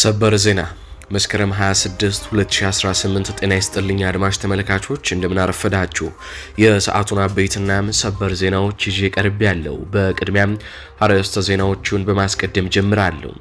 ሰበር ዜና መስከረም 26 2018። ጤና ይስጥልኝ አድማጭ ተመልካቾች አረፈዳችሁ የሰዓቱን አበይትና ሰበር ዜናዎች ይዤ ቀርቤ ያለው። በቅድሚያም አርዕስተ ዜናዎቹን በማስቀደም ጀምራለሁ።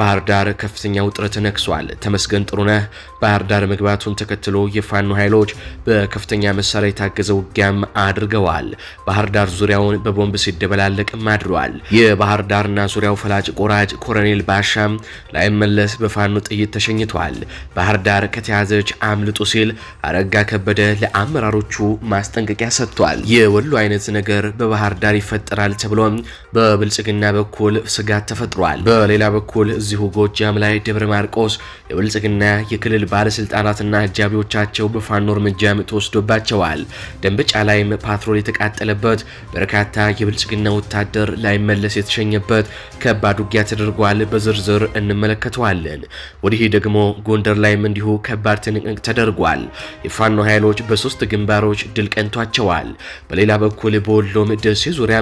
ባህር ዳር ከፍተኛ ውጥረት ነግሷል። ተመስገን ጥሩነህ ባህር ዳር መግባቱን ተከትሎ የፋኖ ኃይሎች በከፍተኛ መሳሪያ የታገዘ ውጊያም አድርገዋል። ባህር ዳር ዙሪያውን በቦምብ ሲደበላለቅም አድሯል። የባህር ዳርና ዙሪያው ፈላጭ ቆራጭ ኮረኔል ባሻም ላይመለስ በፋኖ ጥይት ተሸኝቷል። ባህር ዳር ከተያዘች አምልጡ ሲል አረጋ ከበደ ለአመራሮቹ ማስጠንቀቂያ ሰጥቷል። የወሎ አይነት ነገር በባህር ዳር ይፈጠራል ተብሎም በብልጽግና በኩል ስጋት ተፈጥሯል። በሌላ በኩል እዚሁ ጎጃም ላይ ደብረ ማርቆስ የብልጽግና የክልል ባለስልጣናትና አጃቢዎቻቸው በፋኖ እርምጃም ተወስዶባቸዋል። ደንበጫ ላይም ፓትሮል የተቃጠለበት በርካታ የብልጽግና ወታደር ላይመለስ የተሸኘበት ከባድ ውጊያ ተደርጓል። በዝርዝር እንመለከተዋለን። ወዲህ ደግሞ ጎንደር ላይም እንዲሁ ከባድ ትንቅንቅ ተደርጓል። የፋኖ ኃይሎች በሶስት ግንባሮች ድል ቀንቷቸዋል። በሌላ በኩል በወሎም ደሴ ዙሪያ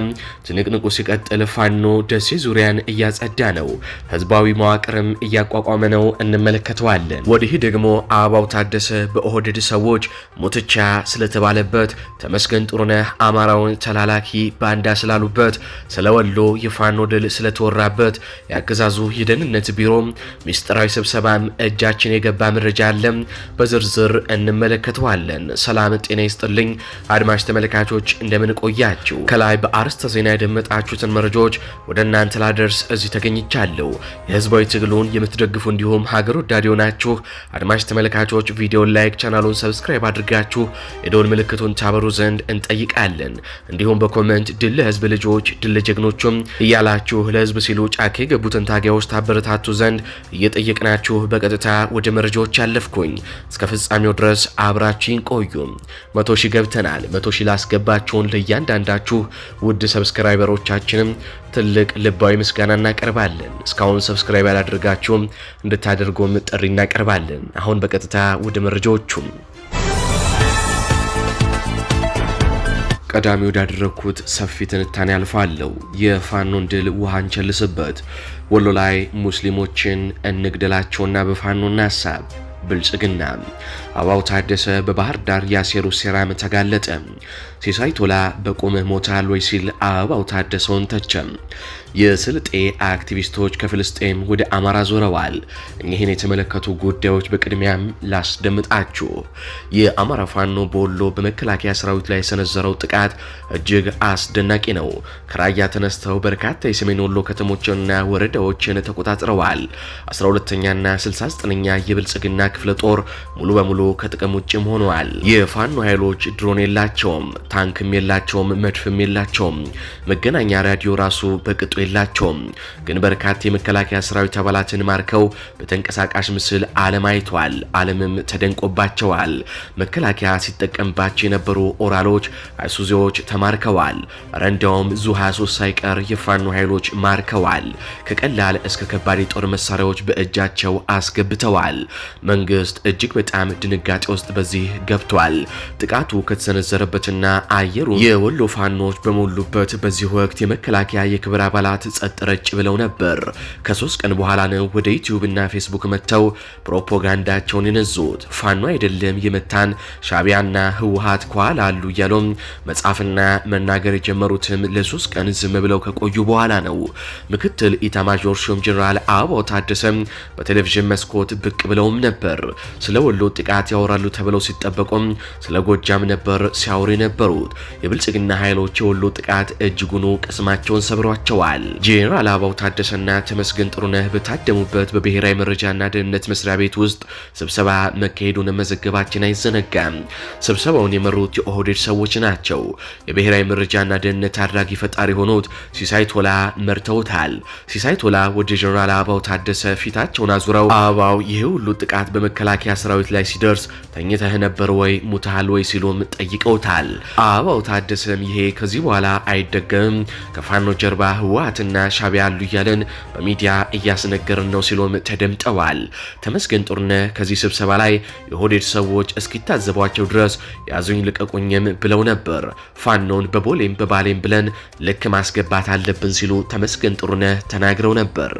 ትንቅንቁ ሲቀጥል ፋኖ ደሴ ዙሪያን እያጸዳ ነው። ህዝባዊ መዋቅርም እያቋቋመ ነው፣ እንመለከተዋለን። ወዲህ ደግሞ አበባው ታደሰ በኦህዴድ ሰዎች ሙትቻ ስለተባለበት ተመስገን ጥሩነህ አማራውን ተላላኪ ባንዳ ስላሉበት ስለወሎ የፋኖ ድል ስለተወራበት የአገዛዙ የደህንነት ቢሮ ሚስጥራዊ ስብሰባም እጃችን የገባ መረጃ አለም በዝርዝር እንመለከተዋለን። ሰላም ጤና ይስጥልኝ አድማጭ ተመልካቾች እንደምን ቆያችሁ? ከላይ በአርስተ ዜና የደመጣችሁትን መረጃዎች ወደ እናንተ ላደርስ እዚህ ተገኝቻለሁ። ህዝባዊ ትግሉን የምትደግፉ እንዲሁም ሀገር ወዳድ የሆናችሁ አድማጭ ተመልካቾች ቪዲዮን ላይክ፣ ቻናሉን ሰብስክራይብ አድርጋችሁ የደወል ምልክቱን ታበሩ ዘንድ እንጠይቃለን። እንዲሁም በኮመንት ድል ለህዝብ ልጆች ድል ለጀግኖቹም እያላችሁ ለህዝብ ሲሉ ጫካ የገቡትን ታጋዮች ታበረታቱ ዘንድ እየጠየቅናችሁ በቀጥታ ወደ መረጃዎች ያለፍኩኝ። እስከ ፍጻሜው ድረስ አብራችን ቆዩ። መቶ ሺህ ገብተናል። መቶ ሺህ ላስገባችሁን ለእያንዳንዳችሁ ውድ ሰብስክራይበሮቻችንም ትልቅ ልባዊ ምስጋና እናቀርባለን። እስካሁን ሰብስክራይብ ያላደርጋችሁም እንድታደርጉም ጥሪ እናቀርባለን። አሁን በቀጥታ ወደ መረጃዎቹም ቀዳሚ ወዳደረግኩት ሰፊ ትንታኔ አልፋለሁ። የፋኖን ድል ውሃ እንቸልስበት። ወሎ ላይ ሙስሊሞችን እንግደላቸውና በፋኖና ሀሳብ ብልጽግና አበባው ታደሰ በባህር ዳር ያሴሩ ሴራም ተጋለጠ። ሲሳይ ቶላ በቁምህ ሞታል ወይ ሲል አበባው ታደሰውን ተቸም። የስልጤ አክቲቪስቶች ከፍልስጤም ወደ አማራ ዞረዋል። እኚህን የተመለከቱ ጉዳዮች በቅድሚያም ላስደምጣችሁ። የአማራ ፋኖ በወሎ በመከላከያ ሰራዊት ላይ የሰነዘረው ጥቃት እጅግ አስደናቂ ነው። ከራያ ተነስተው በርካታ የሰሜን ወሎ ከተሞችና ወረዳዎችን ተቆጣጥረዋል። 12ኛና 69ኛ የብልጽግና ክፍለ ጦር ሙሉ በሙሉ ሁሉ ከጥቅም ውጭም ሆነዋል። የፋኖ ኃይሎች ድሮን የላቸውም፣ ታንክም የላቸውም፣ መድፍም የላቸውም፣ መገናኛ ራዲዮ ራሱ በቅጡ የላቸውም። ግን በርካታ የመከላከያ ሰራዊት አባላትን ማርከው በተንቀሳቃሽ ምስል ዓለም አይቷል፣ ዓለምም ተደንቆባቸዋል። መከላከያ ሲጠቀምባቸው የነበሩ ኦራሎች፣ አይሱዚዎች ተማርከዋል። ረንዳውም ዙ 23 ሳይቀር የፋኖ ኃይሎች ማርከዋል። ከቀላል እስከ ከባድ የጦር መሳሪያዎች በእጃቸው አስገብተዋል። መንግስት እጅግ በጣም ድንጋጤ ውስጥ በዚህ ገብቷል። ጥቃቱ ከተሰነዘረበትና አየሩ የወሎ ፋኖች በሞሉበት በዚህ ወቅት የመከላከያ የክብር አባላት ጸጥ ረጭ ብለው ነበር። ከሶስት ቀን በኋላ ነው ወደ ዩቲዩብ እና ፌስቡክ መጥተው ፕሮፓጋንዳቸውን የነዙት። ፋኖ አይደለም የመታን ሻቢያና ህወሀት ከኋላ አሉ እያሉም መጻፍና መናገር የጀመሩትም ለሶስት ቀን ዝም ብለው ከቆዩ በኋላ ነው። ምክትል ኢታማዦር ሹም ጀኔራል አበባው ታደሰም በቴሌቪዥን መስኮት ብቅ ብለውም ነበር። ስለ ወሎ ጥቃት ሰዓት ያወራሉ ተብለው ሲጠበቁም ስለ ጎጃም ነበር ሲያወሩ የነበሩት። የብልጽግና ኃይሎች የወሎ ጥቃት እጅጉኑ ቅስማቸውን ሰብሯቸዋል። ጄኔራል አበባው ታደሰና ተመስገን ጥሩነህ በታደሙበት በብሔራዊ መረጃና ደህንነት መስሪያ ቤት ውስጥ ስብሰባ መካሄዱን መዘገባችን አይዘነጋም። ስብሰባውን የመሩት የኦህዴድ ሰዎች ናቸው። የብሔራዊ መረጃና ደህንነት አድራጊ ፈጣሪ የሆኑት ሲሳይ ቶላ መርተውታል። ሲሳይ ቶላ ወደ ጄኔራል አበባው ታደሰ ፊታቸውን አዙረው አበባው ይህ ሁሉ ጥቃት በመከላከያ ሰራዊት ላይ ሲደርስ ሲደርስ ተኝተህ ነበር ወይ ሙታል ወይ ሲሉም ጠይቀውታል። አበባው ታደሰም ይሄ ከዚህ በኋላ አይደገምም፣ ከፋኖ ጀርባ ህወሓትና ሻቢያ አሉ እያለን በሚዲያ እያስነገርን ነው ሲሉም ተደምጠዋል። ተመስገን ጥሩነህ ከዚህ ስብሰባ ላይ የሆዴድ ሰዎች እስኪታዘቧቸው ድረስ ያዙኝ ልቀቁኝም ብለው ነበር። ፋኖን በቦሌም በባሌም ብለን ልክ ማስገባት አለብን ሲሉ ተመስገን ጥሩነህ ተናግረው ነበር።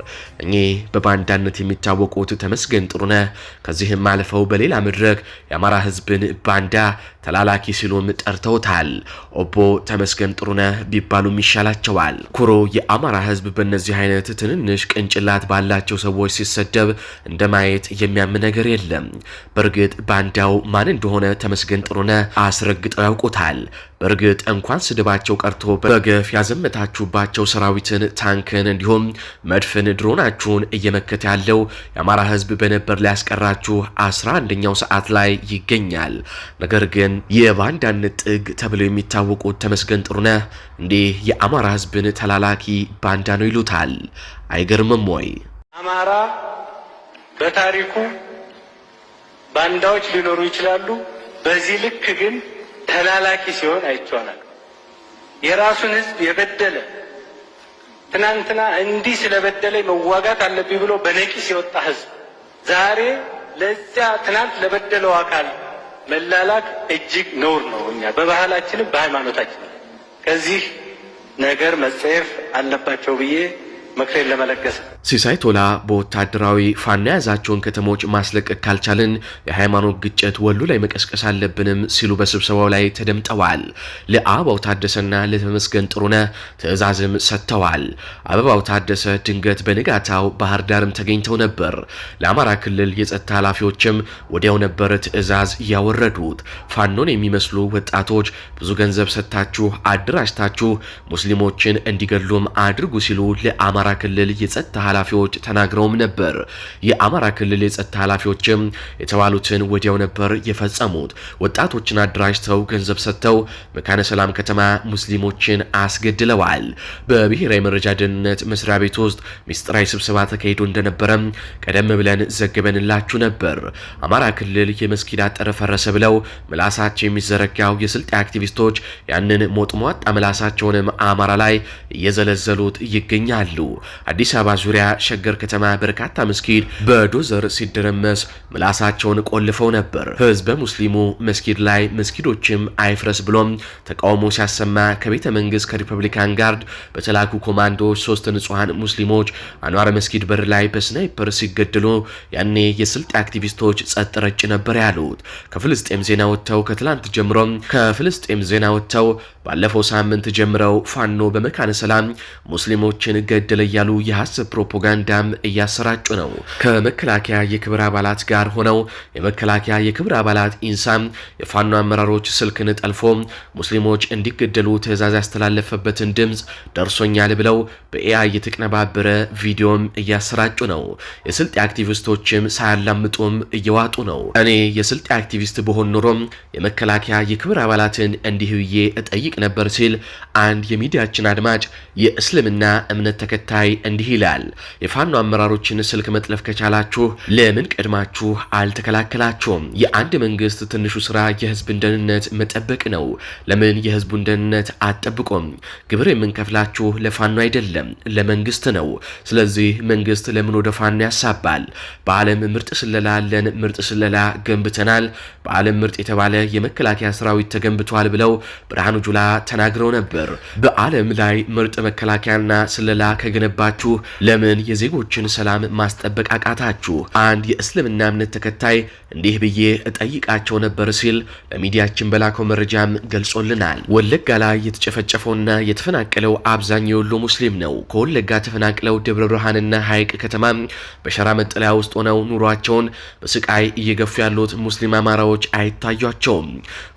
እኚህ በባንዳነት የሚታወቁት ተመስገን ጥሩነህ ከዚህም አልፈው በሌላ ምድር በማድረግ የአማራ ህዝብን ባንዳ ተላላኪ ሲሉም ጠርተውታል። ኦቦ ተመስገን ጥሩነህ ቢባሉም ይሻላቸዋል። ኩሮ የአማራ ህዝብ በእነዚህ አይነት ትንንሽ ቅንጭላት ባላቸው ሰዎች ሲሰደብ እንደ ማየት የሚያም ነገር የለም። በእርግጥ ባንዳው ማን እንደሆነ ተመስገን ጥሩነህ አስረግጠው ያውቁታል። በእርግጥ እንኳን ስድባቸው ቀርቶ በገፍ ያዘመታችሁባቸው ሰራዊትን፣ ታንክን፣ እንዲሁም መድፍን፣ ድሮናችሁን እየመከተ ያለው የአማራ ህዝብ በነበር ሊያስቀራችሁ አስራ አንደኛው ሰዓት ላይ ይገኛል። ነገር ግን ተመስገን የባንዳነት ጥግ ተብለው የሚታወቁት ተመስገን ጥሩነህ እንዲህ የአማራ ህዝብን ተላላኪ ባንዳ ነው ይሉታል። አይገርምም ወይ? አማራ በታሪኩ ባንዳዎች ሊኖሩ ይችላሉ። በዚህ ልክ ግን ተላላኪ ሲሆን አይቼዋለሁ። የራሱን ህዝብ የበደለ ትናንትና እንዲህ ስለበደለ መዋጋት አለብኝ ብሎ በነቂስ የወጣ ህዝብ ዛሬ ለዚያ ትናንት ለበደለው አካል መላላክ እጅግ ነውር ነው። እኛ በባህላችንም በሃይማኖታችን ከዚህ ነገር መጸየፍ አለባቸው ብዬ ምክሬን ለመለገስ ሲሳይ ቶላ በወታደራዊ ፋኖ የያዛቸውን ከተሞች ማስለቀቅ ካልቻልን የሃይማኖት ግጭት ወሎ ላይ መቀስቀስ አለብንም ሲሉ በስብሰባው ላይ ተደምጠዋል። ለአበባው ታደሰና ለተመስገን ጥሩነህ ትዕዛዝም ሰጥተዋል። አበባው ታደሰ ድንገት በንጋታው ባህር ዳርም ተገኝተው ነበር። ለአማራ ክልል የጸጥታ ኃላፊዎችም ወዲያው ነበር ትዕዛዝ እያወረዱት ፋኖን የሚመስሉ ወጣቶች ብዙ ገንዘብ ሰጥታችሁ አደራጅታችሁ ሙስሊሞችን እንዲገሉም አድርጉ ሲሉ ለአማራ ክልል የጸጥታ ኃላፊዎች ተናግረውም ነበር። የአማራ ክልል የጸጥታ ኃላፊዎችም የተባሉትን ወዲያው ነበር የፈጸሙት። ወጣቶችን አደራጅተው ገንዘብ ሰጥተው መካነ ሰላም ከተማ ሙስሊሞችን አስገድለዋል። በብሔራዊ መረጃ ደህንነት መስሪያ ቤት ውስጥ ሚስጥራዊ ስብሰባ ተካሂዶ እንደነበረም ቀደም ብለን ዘግበንላችሁ ነበር። አማራ ክልል የመስጊድ አጥር ፈረሰ ብለው ምላሳቸው የሚዘረጋው የስልጤ አክቲቪስቶች ያንን ሞጥሟጣ ምላሳቸውንም አማራ ላይ እየዘለዘሉት ይገኛሉ። አዲስ አበባ ዙሪያ ዙሪያ ሸገር ከተማ በርካታ መስጊድ በዶዘር ሲደረመስ ምላሳቸውን ቆልፈው ነበር። ህዝበ ሙስሊሙ መስጊድ ላይ መስጊዶችም አይፍረስ ብሎም ተቃውሞ ሲያሰማ ከቤተ መንግስት ከሪፐብሊካን ጋርድ በተላኩ ኮማንዶዎች ሶስት ንጹሐን ሙስሊሞች አኗር መስጊድ በር ላይ በስናይፐር ሲገደሉ ያኔ የስልጤ አክቲቪስቶች ጸጥ ረጭ ነበር ያሉት። ከፍልስጤም ዜና ወጥተው ከትላንት ጀምሮ ከፍልስጤም ዜና ወጥተው ባለፈው ሳምንት ጀምረው ፋኖ በመካነ ሰላም ሙስሊሞችን ገደለ እያሉ የሐሰብ ፕሮፓጋንዳም እያሰራጩ ነው። ከመከላከያ የክብር አባላት ጋር ሆነው የመከላከያ የክብር አባላት ኢንሳም የፋኖ አመራሮች ስልክን ጠልፎ ሙስሊሞች እንዲገደሉ ትዕዛዝ ያስተላለፈበትን ድምፅ ደርሶኛል ብለው በኤአይ የተቀነባበረ ቪዲዮም እያሰራጩ ነው። የስልጤ አክቲቪስቶችም ሳያላምጡም እየዋጡ ነው። እኔ የስልጤ አክቲቪስት በሆን ኖሮም የመከላከያ የክብር አባላትን እንዲህ ብዬ እጠይቅ ነበር ሲል አንድ የሚዲያችን አድማጭ የእስልምና እምነት ተከታይ እንዲህ ይላል። የፋኖ አመራሮችን ስልክ መጥለፍ ከቻላችሁ ለምን ቀድማችሁ አልተከላከላችሁም? የአንድ መንግስት ትንሹ ስራ የህዝብን ደህንነት መጠበቅ ነው። ለምን የህዝቡን ደህንነት አጠብቆም? ግብር የምንከፍላችሁ ለፋኖ አይደለም፣ ለመንግስት ነው። ስለዚህ መንግስት ለምን ወደ ፋኖ ያሳባል? በዓለም ምርጥ ስለላ አለን፣ ምርጥ ስለላ ገንብተናል፣ በዓለም ምርጥ የተባለ የመከላከያ ሰራዊት ተገንብቷል ብለው ብርሃኑ ጁላ ተናግረው ነበር። በዓለም ላይ ምርጥ መከላከያና ስለላ ከገነባችሁ ለምን ለምን የዜጎችን ሰላም ማስጠበቅ አቃታችሁ? አንድ የእስልምና እምነት ተከታይ እንዲህ ብዬ እጠይቃቸው ነበር ሲል ለሚዲያችን በላከው መረጃም ገልጾልናል። ወለጋ ላይ የተጨፈጨፈውና የተፈናቀለው አብዛኛው የወሎ ሙስሊም ነው። ከወለጋ ተፈናቅለው ደብረ ብርሃንና ሐይቅ ከተማ በሸራ መጠለያ ውስጥ ሆነው ኑሯቸውን በስቃይ እየገፉ ያሉት ሙስሊም አማራዎች አይታያቸውም።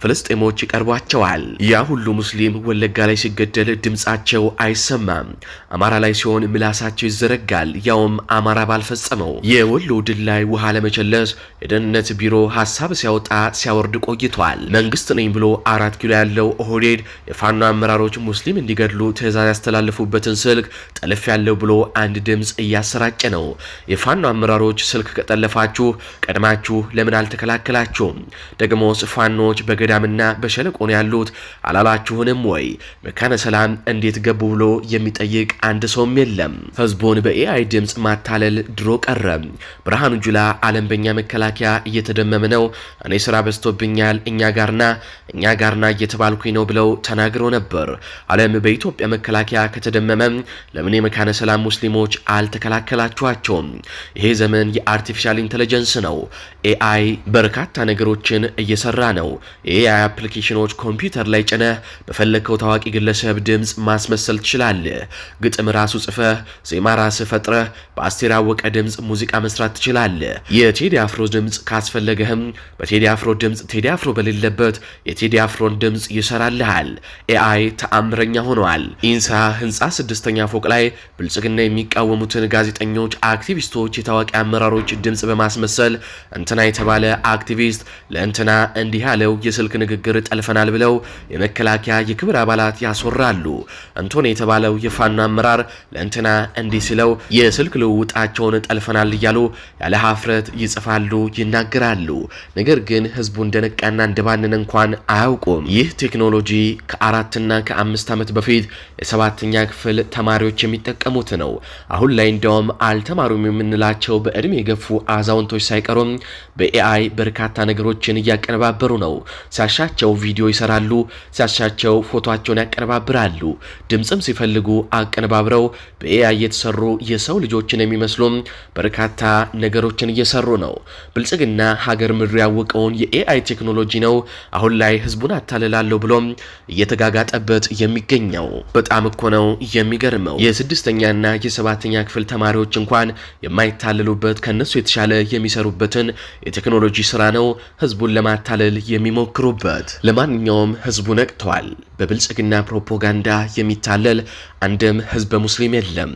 ፍልስጤሞች ይቀርቧቸዋል። ያ ሁሉ ሙስሊም ወለጋ ላይ ሲገደል ድምጻቸው አይሰማም። አማራ ላይ ሲሆን ምላሳቸው ይዘረጋል። ይዘጋል፣ ያውም አማራ ባልፈጸመው። የወሎ ድል ላይ ውሃ ለመቸለስ የደህንነት ቢሮ ሀሳብ ሲያወጣ ሲያወርድ ቆይቷል። መንግስት ነኝ ብሎ አራት ኪሎ ያለው ኦህዴድ የፋኖ አመራሮች ሙስሊም እንዲገድሉ ትዕዛዝ ያስተላለፉበትን ስልክ ጠልፍ ያለው ብሎ አንድ ድምፅ እያሰራጨ ነው። የፋኖ አመራሮች ስልክ ከጠለፋችሁ ቀድማችሁ ለምን አልተከላከላችሁም? ደግሞስ ፋኖች በገዳምና በሸለቆ ነው ያሉት አላላችሁንም ወይ? መካነ ሰላም እንዴት ገቡ ብሎ የሚጠይቅ አንድ ሰውም የለም። ህዝቡን በ በኤአይ ድምፅ ማታለል ድሮ ቀረ። ብርሃኑ ጁላ አለም በእኛ መከላከያ እየተደመመ ነው፣ እኔ ስራ በዝቶብኛል፣ እኛ ጋርና እኛ ጋርና እየተባልኩኝ ነው ብለው ተናግረው ነበር። አለም በኢትዮጵያ መከላከያ ከተደመመ ለምን የመካነ ሰላም ሙስሊሞች አልተከላከላችኋቸውም? ይሄ ዘመን የአርቲፊሻል ኢንቴለጀንስ ነው። ኤአይ በርካታ ነገሮችን እየሰራ ነው። የኤአይ አፕሊኬሽኖች ኮምፒውተር ላይ ጭነህ በፈለግከው ታዋቂ ግለሰብ ድምፅ ማስመሰል ትችላለህ። ግጥም ራሱ ጽፈህ ዜማ ራስህ ፈጥረህ በአስቴር አወቀ ድምፅ ሙዚቃ መስራት ትችላለ። የቴዲ አፍሮ ድምፅ ካስፈለገህም በቴዲ አፍሮ ድምፅ ቴዲ አፍሮ በሌለበት የቴዲ አፍሮን ድምፅ ይሰራልሃል። ኤአይ ተአምረኛ ሆኗል። ኢንሳ ህንፃ ስድስተኛ ፎቅ ላይ ብልጽግና የሚቃወሙትን ጋዜጠኞች፣ አክቲቪስቶች፣ የታዋቂ አመራሮች ድምፅ በማስመሰል እንትና የተባለ አክቲቪስት ለእንትና እንዲህ ያለው የስልክ ንግግር ጠልፈናል ብለው የመከላከያ የክብር አባላት ያስወራሉ። እንቶን የተባለው የፋኖ አመራር ለእንትና እንዲህ ሲለው ነው የስልክ ልውውጣቸውን ጠልፈናል እያሉ ያለ ሀፍረት ይጽፋሉ፣ ይናገራሉ። ነገር ግን ህዝቡ እንደነቃና እንደባንን እንኳን አያውቁም። ይህ ቴክኖሎጂ ከአራትና ከአምስት ዓመት በፊት የሰባተኛ ክፍል ተማሪዎች የሚጠቀሙት ነው። አሁን ላይ እንደውም አልተማሩም የምንላቸው በእድሜ የገፉ አዛውንቶች ሳይቀሩም በኤአይ በርካታ ነገሮችን እያቀነባበሩ ነው። ሲያሻቸው ቪዲዮ ይሰራሉ፣ ሲያሻቸው ፎቶቸውን ያቀነባብራሉ። ድምፅም ሲፈልጉ አቀነባብረው በኤአይ የተሰሩ የሰው ልጆችን የሚመስሉ በርካታ ነገሮችን እየሰሩ ነው። ብልጽግና ሀገር ምድር ያወቀውን የኤአይ ቴክኖሎጂ ነው አሁን ላይ ህዝቡን አታልላለሁ ብሎ እየተጋጋጠበት የሚገኘው። በጣም እኮ ነው የሚገርመው። የስድስተኛና የሰባተኛ ክፍል ተማሪዎች እንኳን የማይታልሉበት ከነሱ የተሻለ የሚሰሩበትን የቴክኖሎጂ ስራ ነው ህዝቡን ለማታለል የሚሞክሩበት። ለማንኛውም ህዝቡ ነቅተዋል። በብልጽግና ፕሮፓጋንዳ የሚታለል አንድም ህዝበ ሙስሊም የለም።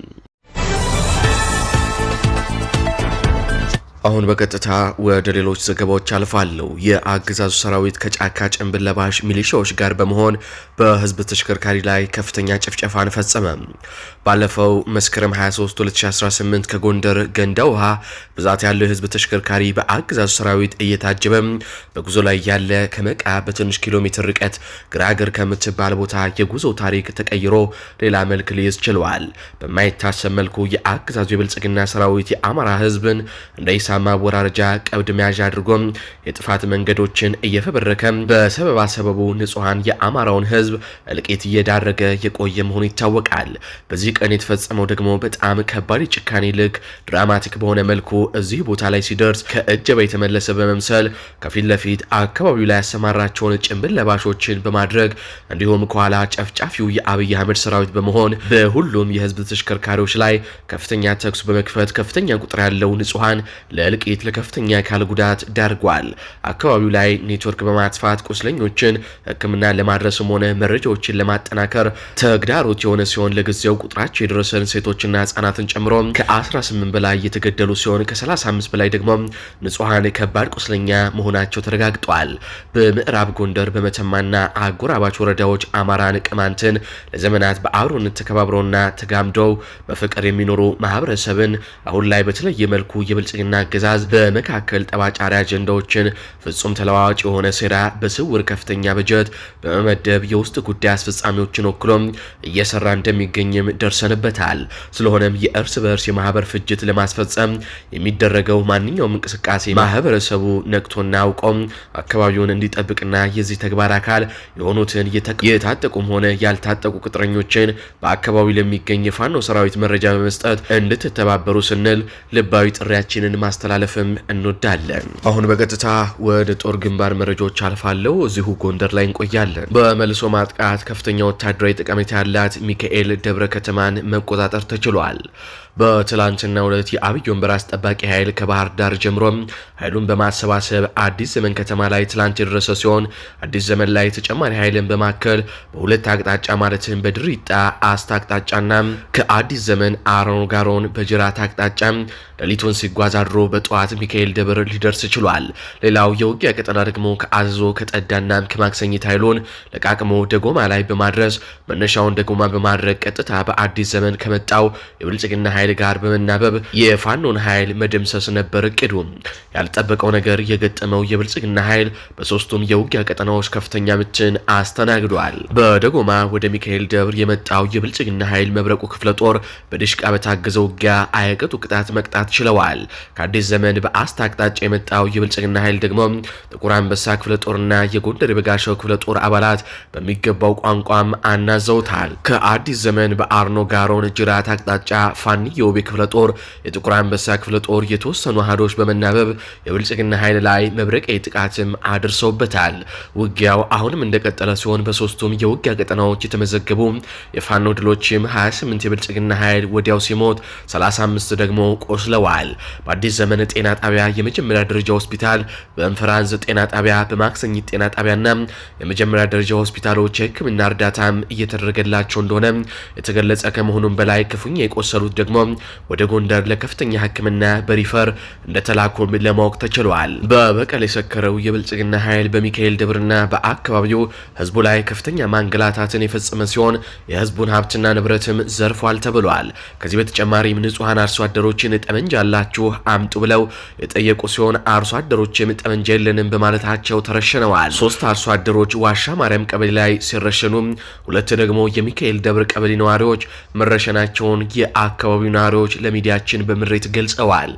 አሁን በቀጥታ ወደ ሌሎች ዘገባዎች አልፋለሁ። የአገዛዙ ሰራዊት ከጫካ ጭንብል ለባሽ ሚሊሻዎች ጋር በመሆን በህዝብ ተሽከርካሪ ላይ ከፍተኛ ጭፍጨፋን ፈጸመ። ባለፈው መስከረም 23 2018 ከጎንደር ገንዳ ውሃ ብዛት ያለው የህዝብ ተሽከርካሪ በአገዛዙ ሰራዊት እየታጀበ በጉዞ ላይ ያለ ከመቃ በትንሽ ኪሎ ሜትር ርቀት ግራግር ከምትባል ቦታ የጉዞ ታሪክ ተቀይሮ ሌላ መልክ ሊይዝ ችሏል። በማይታሰብ መልኩ የአገዛዙ የብልጽግና ሰራዊት የአማራ ህዝብን እንደ ማወራረጃ ቀብድ መያዣ አድርጎ የጥፋት መንገዶችን እየፈበረከ በሰበባ ሰበቡ ንጹሐን የአማራውን ህዝብ እልቂት እየዳረገ የቆየ መሆኑ ይታወቃል። በዚህ ቀን የተፈጸመው ደግሞ በጣም ከባድ የጭካኔ ልክ ድራማቲክ በሆነ መልኩ እዚህ ቦታ ላይ ሲደርስ ከእጀባ የተመለሰ በመምሰል ከፊት ለፊት አካባቢው ላይ ያሰማራቸውን ጭንብል ለባሾችን በማድረግ እንዲሁም ከኋላ ጨፍጫፊው የአብይ አህመድ ሰራዊት በመሆን በሁሉም የህዝብ ተሽከርካሪዎች ላይ ከፍተኛ ተኩስ በመክፈት ከፍተኛ ቁጥር ያለው ንጹሐን ለ በእልቂት ለከፍተኛ አካል ጉዳት ዳርጓል። አካባቢው ላይ ኔትወርክ በማጥፋት ቁስለኞችን ሕክምና ለማድረስም ሆነ መረጃዎችን ለማጠናከር ተግዳሮት የሆነ ሲሆን ለጊዜው ቁጥራቸው የደረሰን ሴቶችና ህጻናትን ጨምሮ ከ18 በላይ የተገደሉ ሲሆን ከ35 በላይ ደግሞ ንጹሐን ከባድ ቁስለኛ መሆናቸው ተረጋግጧል። በምዕራብ ጎንደር በመተማና አጎራባች ወረዳዎች አማራን፣ ቅማንትን ለዘመናት በአብሮነት ተከባብረውና ተጋምደው በፍቅር የሚኖሩ ማህበረሰብን አሁን ላይ በተለየ መልኩ የብልጽግና አገዛዝ በመካከል ጠባጫሪ አጀንዳዎችን ፍጹም ተለዋዋጭ የሆነ ሴራ በስውር ከፍተኛ በጀት በመመደብ የውስጥ ጉዳይ አስፈጻሚዎችን ወክሎም እየሰራ እንደሚገኝም ደርሰንበታል። ስለሆነም የእርስ በእርስ የማህበር ፍጅት ለማስፈጸም የሚደረገው ማንኛውም እንቅስቃሴ ማህበረሰቡ ነቅቶና አውቆም አካባቢውን እንዲጠብቅና የዚህ ተግባር አካል የሆኑትን የታጠቁም ሆነ ያልታጠቁ ቅጥረኞችን በአካባቢው ለሚገኝ የፋኖ ሰራዊት መረጃ በመስጠት እንድትተባበሩ ስንል ልባዊ ጥሪያችንን ማስ ለማስተላለፍም እንወዳለን። አሁን በቀጥታ ወደ ጦር ግንባር መረጃዎች አልፋለሁ። እዚሁ ጎንደር ላይ እንቆያለን። በመልሶ ማጥቃት ከፍተኛ ወታደራዊ ጠቀሜታ ያላት ሚካኤል ደብረ ከተማን መቆጣጠር ተችሏል። በትላንትና ሁለት የአብይ ወንበር አስጠባቂ ኃይል ከባህር ዳር ጀምሮ ኃይሉን በማሰባሰብ አዲስ ዘመን ከተማ ላይ ትላንት የደረሰ ሲሆን አዲስ ዘመን ላይ ተጨማሪ ኃይልን በማከል በሁለት አቅጣጫ ማለትም በድሪጣ አስታ አቅጣጫና ከአዲስ ዘመን አሮን ጋሮን በጅራት አቅጣጫ ሌሊቱን ሲጓዝ አድሮ በጠዋት ሚካኤል ደብር ሊደርስ ችሏል። ሌላው የውጊያ ቀጠና ደግሞ ከአዘዞ ከጠዳና ከማክሰኝት ኃይሉን ለቃቅሞ ደጎማ ላይ በማድረስ መነሻውን ደጎማ በማድረግ ቀጥታ በአዲስ ዘመን ከመጣው የብልጽግና ኃይል ኃይል ጋር በመናበብ የፋኖን ኃይል መደምሰስ ነበር እቅዱ። ያልጠበቀው ነገር የገጠመው የብልጽግና ኃይል በሶስቱም የውጊያ ቀጠናዎች ከፍተኛ ምትን አስተናግዷል። በደጎማ ወደ ሚካኤል ደብር የመጣው የብልጽግና ኃይል መብረቁ ክፍለ ጦር በድሽቃ በታገዘ ውጊያ አያቀጡ ቅጣት መቅጣት ችለዋል። ከአዲስ ዘመን በአስታ አቅጣጫ የመጣው የብልጽግና ኃይል ደግሞ ጥቁር አንበሳ ክፍለ ጦርና የጎንደር የበጋሸው ክፍለ ጦር አባላት በሚገባው ቋንቋም አናዘውታል። ከአዲስ ዘመን በአርኖ ጋሮን ጅራት አቅጣጫ ፋኒ የውቤ ክፍለ ጦር፣ የጥቁር አንበሳ ክፍለ ጦር የተወሰኑ አህዶች በመናበብ የብልጽግና ኃይል ላይ መብረቃዊ ጥቃትም አድርሰውበታል። ውጊያው አሁንም እንደቀጠለ ሲሆን በሶስቱም የውጊያ ቀጠናዎች የተመዘገቡ የፋኖ ድሎችም 28 የብልጽግና ኃይል ወዲያው ሲሞት 35 ደግሞ ቆስለዋል። በአዲስ ዘመን ጤና ጣቢያ የመጀመሪያ ደረጃ ሆስፒታል፣ በእንፍራንዝ ጤና ጣቢያ፣ በማክሰኝት ጤና ጣቢያና የመጀመሪያ ደረጃ ሆስፒታሎች የህክምና እርዳታም እየተደረገላቸው እንደሆነ የተገለጸ ከመሆኑም በላይ ክፉኛ የቆሰሉት ደግሞ ወደ ጎንደር ለከፍተኛ ሕክምና በሪፈር እንደተላኩም ለማወቅ ተችሏል። በበቀል የሰከረው የብልጽግና ኃይል በሚካኤል ደብርና በአካባቢው ህዝቡ ላይ ከፍተኛ ማንገላታትን የፈጸመ ሲሆን የህዝቡን ሀብትና ንብረትም ዘርፏል ተብሏል። ከዚህ በተጨማሪም ንጹሐን አርሶ አደሮችን ጠመንጃ አላችሁ አምጡ ብለው የጠየቁ ሲሆን አርሶ አደሮችም ጠመንጃ የለንም በማለታቸው ተረሽነዋል። ሶስት አርሶ አደሮች ዋሻ ማርያም ቀበሌ ላይ ሲረሸኑ፣ ሁለት ደግሞ የሚካኤል ደብር ቀበሌ ነዋሪዎች መረሸናቸውን የአካባቢው የአካባቢው ነዋሪዎች ለሚዲያችን በምሬት ገልጸዋል።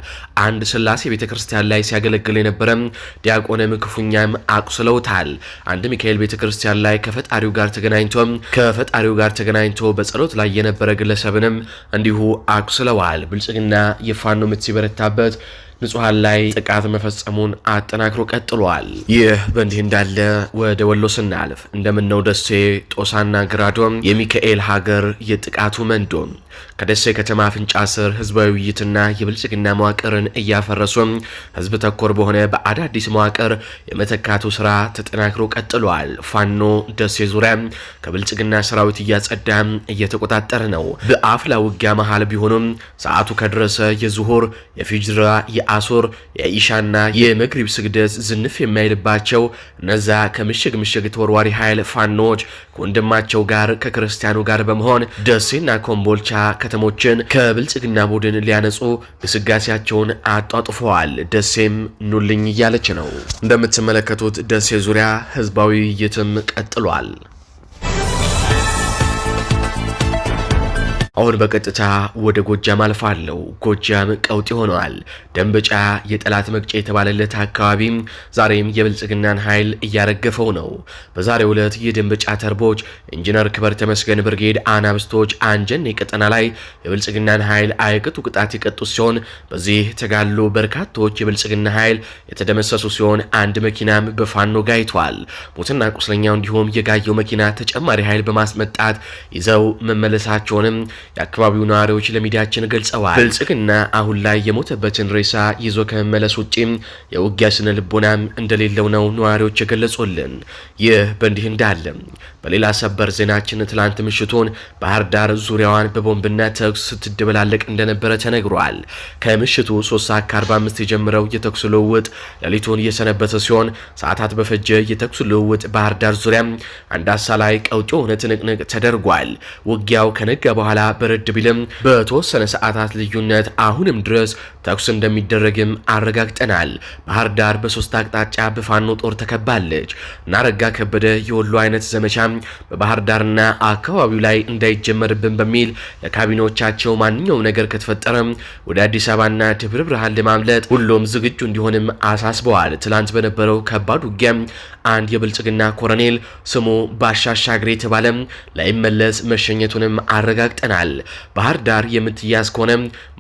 አንድ ስላሴ ቤተ ክርስቲያን ላይ ሲያገለግል የነበረም ዲያቆንም ክፉኛም አቁስለውታል። አንድ ሚካኤል ቤተ ክርስቲያን ላይ ከፈጣሪው ጋር ተገናኝቶ ከፈጣሪው ጋር ተገናኝቶ በጸሎት ላይ የነበረ ግለሰብንም እንዲሁ አቁስለዋል። ብልጽግና የፋኖ ምት ሲበረታበት ንጹሐን ላይ ጥቃት መፈጸሙን አጠናክሮ ቀጥሏል። ይህ በእንዲህ እንዳለ ወደ ወሎ ስናልፍ እንደምነው ደሴ ጦሳና ግራዶም የሚካኤል ሀገር የጥቃቱ መንዶም ከደሴ ከተማ አፍንጫ ስር ህዝባዊ ውይይትና የብልጽግና መዋቅርን እያፈረሱ ህዝብ ተኮር በሆነ በአዳዲስ መዋቅር የመተካቱ ስራ ተጠናክሮ ቀጥሏል። ፋኖ ደሴ ዙሪያ ከብልጽግና ሰራዊት እያጸዳም እየተቆጣጠረ ነው። በአፍላ ውጊያ መሃል ቢሆኑም ሰዓቱ ከደረሰ የዙሁር የፊጅራ የአሶር የኢሻና የመግሪብ ስግደት ዝንፍ የማይልባቸው እነዛ ከምሽግ ምሽግ ተወርዋሪ ኃይል ፋኖች ከወንድማቸው ጋር ከክርስቲያኑ ጋር በመሆን ደሴና ኮምቦልቻ ከተሞችን ከብልጽግና ቡድን ሊያነጹ ግስጋሴያቸውን አጧጥፈዋል። ደሴም ኑልኝ እያለች ነው። እንደምትመለከቱት ደሴ ዙሪያ ህዝባዊ ውይይትም ቀጥሏል። አሁን በቀጥታ ወደ ጎጃም አልፋለሁ። ጎጃም ቀውጢ ሆኗል። ደንበጫ የጠላት መቅጫ የተባለለት አካባቢም ዛሬም የብልጽግናን ኃይል እያረገፈው ነው። በዛሬው ዕለት የደንበጫ ተርቦች ኢንጂነር ክበር ተመስገን ብርጌድ አናብስቶች አንጀን የቀጠና ላይ የብልጽግናን ኃይል አይቅጡ ቅጣት የቀጡ ሲሆን በዚህ ተጋሉ በርካቶች የብልጽግና ኃይል የተደመሰሱ ሲሆን አንድ መኪናም በፋኖ ጋይቷል። ሞትና ቁስለኛው እንዲሁም የጋየው መኪና ተጨማሪ ኃይል በማስመጣት ይዘው መመለሳቸውንም የአካባቢው ነዋሪዎች ለሚዲያችን ገልጸዋል። ብልጽግና አሁን ላይ የሞተበትን ሬሳ ይዞ ከመመለስ ውጪም የውጊያ ስነ ልቦናም እንደሌለው ነው ነዋሪዎች የገለጹልን። ይህ በእንዲህ እንዳለ በሌላ ሰበር ዜናችን ትላንት ምሽቱን ባህር ዳር ዙሪያዋን በቦምብና ተኩስ ስትደበላለቅ እንደነበረ ተነግሯል። ከምሽቱ 3 ሰዓት ከ45 የጀመረው የተኩስ ልውውጥ ሌሊቱን እየሰነበተ ሲሆን ሰዓታት በፈጀ የተኩስ ልውውጥ ባህር ዳር ዙሪያ አንዳሳ ላይ ቀውጢ የሆነ ትንቅንቅ ተደርጓል። ውጊያው ከነጋ በኋላ በረድ ቢልም በተወሰነ ሰዓታት ልዩነት አሁንም ድረስ ተኩስ እንደሚደረግም አረጋግጠናል። ባህር ዳር በሶስት አቅጣጫ በፋኖ ጦር ተከባለች። እናረጋ ከበደ የወሎ አይነት ዘመቻ በባህር ዳርና አካባቢው ላይ እንዳይጀመርብን በሚል ለካቢኖቻቸው ማንኛውም ነገር ከተፈጠረ ወደ አዲስ አበባና ደብረ ብርሃን ለማምለጥ ሁሉም ዝግጁ እንዲሆንም አሳስበዋል። ትላንት በነበረው ከባድ ውጊያ አንድ የብልጽግና ኮረኔል ስሙ ባሻሻግሬ የተባለ ላይመለስ መሸኘቱንም አረጋግጠናል። ባህር ዳር የምትያዝ ከሆነ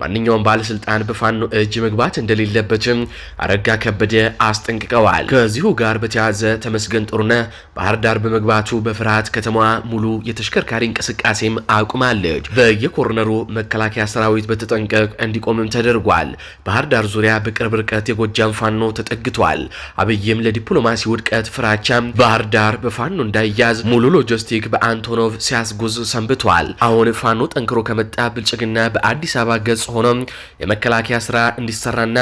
ማንኛውም ባለስልጣን በፋኖ እጅ መግባት እንደሌለበትም አረጋ ከበደ አስጠንቅቀዋል። ከዚሁ ጋር በተያያዘ ተመስገን ጥሩነህ ባህር ዳር በመግባቱ በፈ በፍርሃት ከተማዋ ሙሉ የተሽከርካሪ እንቅስቃሴም አቁማለች። በየኮርነሩ መከላከያ ሰራዊት በተጠንቀቅ እንዲቆምም ተደርጓል። ባህር ዳር ዙሪያ በቅርብ ርቀት የጎጃም ፋኖ ተጠግቷል። አብይም ለዲፕሎማሲ ውድቀት ፍራቻም ባህር ዳር በፋኖ እንዳያዝ ሙሉ ሎጂስቲክ በአንቶኖቭ ሲያስጉዝ ሰንብቷል። አሁን ፋኖ ጠንክሮ ከመጣ ብልጽግና በአዲስ አበባ ገጽ ሆኖም የመከላከያ ስራ እንዲሰራና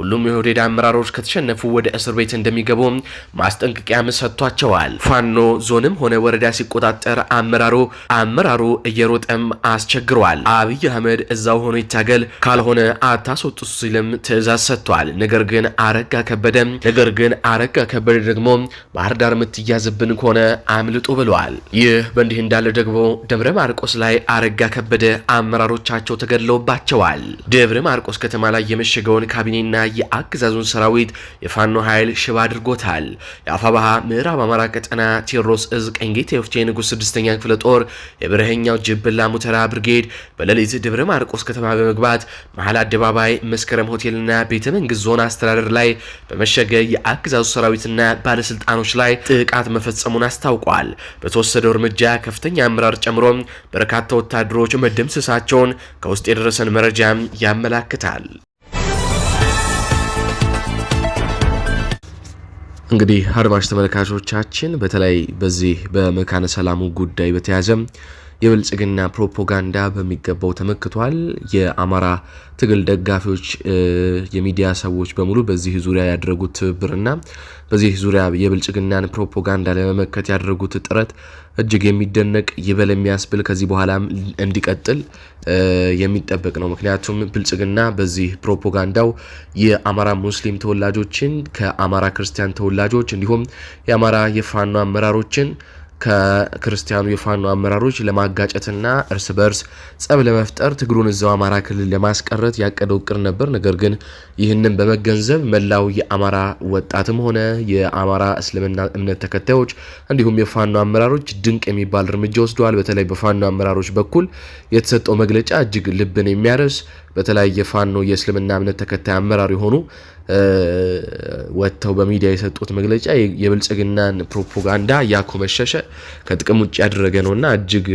ሁሉም የኦህዴድ አመራሮች ከተሸነፉ ወደ እስር ቤት እንደሚገቡ ማስጠንቀቂያም ሰጥቷቸዋል። ፋኖ ዞንም ሆነ ወረዳ ሲቆጣጠር አመራሩ አመራሩ እየሮጠም አስቸግሯል። አብይ አህመድ እዛው ሆኖ ይታገል ካልሆነ አታስወጡ ሲልም ትዕዛዝ ሰጥቷል። ነገር ግን አረጋ ከበደ ነገር ግን አረጋ ከበደ ደግሞ ባህር ዳር የምትያዝብን ከሆነ አምልጡ ብለዋል። ይህ በእንዲህ እንዳለ ደግሞ ደብረ ማርቆስ ላይ አረጋ ከበደ አመራሮቻቸው ተገድለውባቸዋል። ደብረ ማርቆስ ከተማ ላይ የመሸገውን ካቢኔና የአገዛዙን ሰራዊት የፋኖ ኃይል ሽባ አድርጎታል። የአፋባሃ ምዕራብ አማራ ቀጠና ቴዎድሮስ እዝ ቀኝ ቀኝጌት የወፍቼ ንጉሥ ስድስተኛ ክፍለ ጦር የብርሃኛው ጅብላ ሙተራ ብርጌድ በሌሊት ደብረ ማርቆስ ከተማ በመግባት መሀል አደባባይ መስከረም ሆቴልና ቤተ መንግስት ዞን አስተዳደር ላይ በመሸገ የአገዛዙ ሰራዊትና ባለስልጣኖች ላይ ጥቃት መፈጸሙን አስታውቋል። በተወሰደው እርምጃ ከፍተኛ አመራር ጨምሮ በርካታ ወታደሮች መደምሰሳቸውን ከውስጥ የደረሰን መረጃም ያመላክታል። እንግዲህ አድማጭ ተመልካቾቻችን በተለይ በዚህ በመካነ ሰላሙ ጉዳይ በተያዘ የብልጽግና ፕሮፓጋንዳ በሚገባው ተመክቷል። የአማራ ትግል ደጋፊዎች፣ የሚዲያ ሰዎች በሙሉ በዚህ ዙሪያ ያደረጉት ትብብርና በዚህ ዙሪያ የብልጽግናን ፕሮፓጋንዳ ለመመከት ያደረጉት ጥረት እጅግ የሚደነቅ ይበል የሚያስብል ከዚህ በኋላም እንዲቀጥል የሚጠበቅ ነው። ምክንያቱም ብልጽግና በዚህ ፕሮፓጋንዳው የአማራ ሙስሊም ተወላጆችን ከአማራ ክርስቲያን ተወላጆች እንዲሁም የአማራ የፋኖ አመራሮችን ከክርስቲያኑ የፋኖ አመራሮች ለማጋጨትና እርስ በርስ ጸብ ለመፍጠር ትግሩን እዛው አማራ ክልል ለማስቀረት ያቀደው እቅድ ነበር። ነገር ግን ይህንን በመገንዘብ መላው የአማራ ወጣትም ሆነ የአማራ እስልምና እምነት ተከታዮች እንዲሁም የፋኖ አመራሮች ድንቅ የሚባል እርምጃ ወስደዋል። በተለይ በፋኖ አመራሮች በኩል የተሰጠው መግለጫ እጅግ ልብን የሚያርስ በተለያየ ፋኖ የእስልምና እምነት ተከታይ አመራር የሆኑ ወጥተው በሚዲያ የሰጡት መግለጫ የብልጽግናን ፕሮፓጋንዳ ያኮመሸሸ ከጥቅም ውጭ ያደረገ እና እጅግ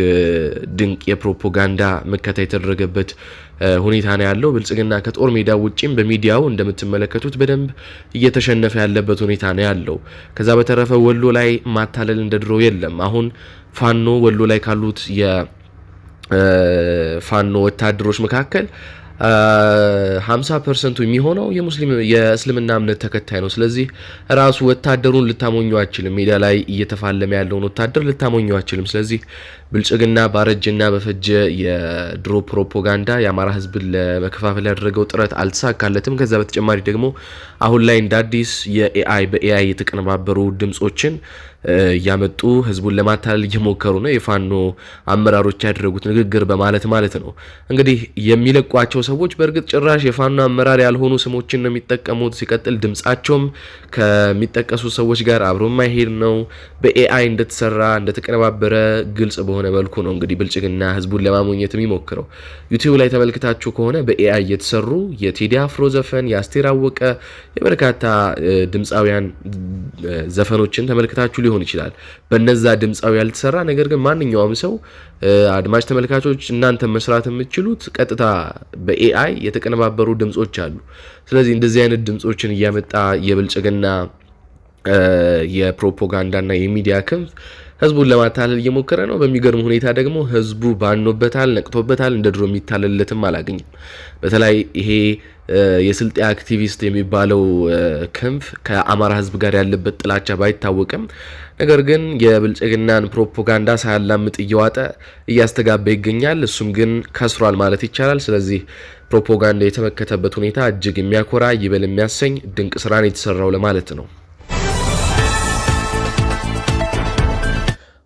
ድንቅ የፕሮፓጋንዳ መከታ የተደረገበት ሁኔታ ነው ያለው። ብልጽግና ከጦር ሜዳ ውጪም በሚዲያው እንደምትመለከቱት በደንብ እየተሸነፈ ያለበት ሁኔታ ነው ያለው። ከዛ በተረፈ ወሎ ላይ ማታለል እንደ ድሮ የለም። አሁን ፋኖ ወሎ ላይ ካሉት የፋኖ ወታደሮች መካከል ሀምሳ ፐርሰንቱ የሚሆነው የሙስሊም የእስልምና እምነት ተከታይ ነው። ስለዚህ ራሱ ወታደሩን ልታሞኙ አችልም። ሜዳ ላይ እየተፋለመ ያለውን ወታደር ልታሞኙ አችልም። ስለዚህ ብልጽግና ባረጀና በፈጀ የድሮ ፕሮፓጋንዳ የአማራ ህዝብን ለመከፋፈል ያደረገው ጥረት አልተሳካለትም። ከዛ በተጨማሪ ደግሞ አሁን ላይ እንደ አዲስ የኤአይ በኤአይ የተቀነባበሩ ድምጾችን እያመጡ ህዝቡን ለማታለል እየሞከሩ ነው፣ የፋኖ አመራሮች ያደረጉት ንግግር በማለት ማለት ነው። እንግዲህ የሚለቋቸው ሰዎች በእርግጥ ጭራሽ የፋኖ አመራር ያልሆኑ ስሞችን ነው የሚጠቀሙት። ሲቀጥል ድምፃቸውም ከሚጠቀሱ ሰዎች ጋር አብሮ የማይሄድ ነው። በኤአይ እንደተሰራ እንደተቀነባበረ ግልጽ በሆነ በሆነ መልኩ ነው እንግዲህ ብልጭግና ህዝቡን ለማሞኘት የሚሞክረው። ዩቲዩብ ላይ ተመልክታችሁ ከሆነ በኤአይ የተሰሩ የቴዲ አፍሮ ዘፈን፣ የአስቴር አወቀ፣ የበርካታ ድምፃውያን ዘፈኖችን ተመልክታችሁ ሊሆን ይችላል። በነዛ ድምፃዊ ያልተሰራ ነገር ግን ማንኛውም ሰው አድማጭ ተመልካቾች እናንተ መስራት የምትችሉት ቀጥታ በኤአይ የተቀነባበሩ ድምጾች አሉ። ስለዚህ እንደዚህ አይነት ድምጾችን እያመጣ የብልጭግና የፕሮፓጋንዳና የሚዲያ ክንፍ ህዝቡን ለማታለል እየሞከረ ነው። በሚገርም ሁኔታ ደግሞ ህዝቡ ባኖበታል፣ ነቅቶበታል። እንደ ድሮ የሚታለልለትም አላገኝም። በተለይ ይሄ የስልጤ አክቲቪስት የሚባለው ክንፍ ከአማራ ህዝብ ጋር ያለበት ጥላቻ ባይታወቅም ነገር ግን የብልጽግናን ፕሮፓጋንዳ ሳያላምጥ እየዋጠ እያስተጋባ ይገኛል። እሱም ግን ከስሯል ማለት ይቻላል። ስለዚህ ፕሮፓጋንዳ የተመከተበት ሁኔታ እጅግ የሚያኮራ ይበል የሚያሰኝ ድንቅ ስራን የተሰራው ለማለት ነው።